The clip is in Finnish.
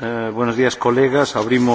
Eh, buenos días, colegas. Abrimos...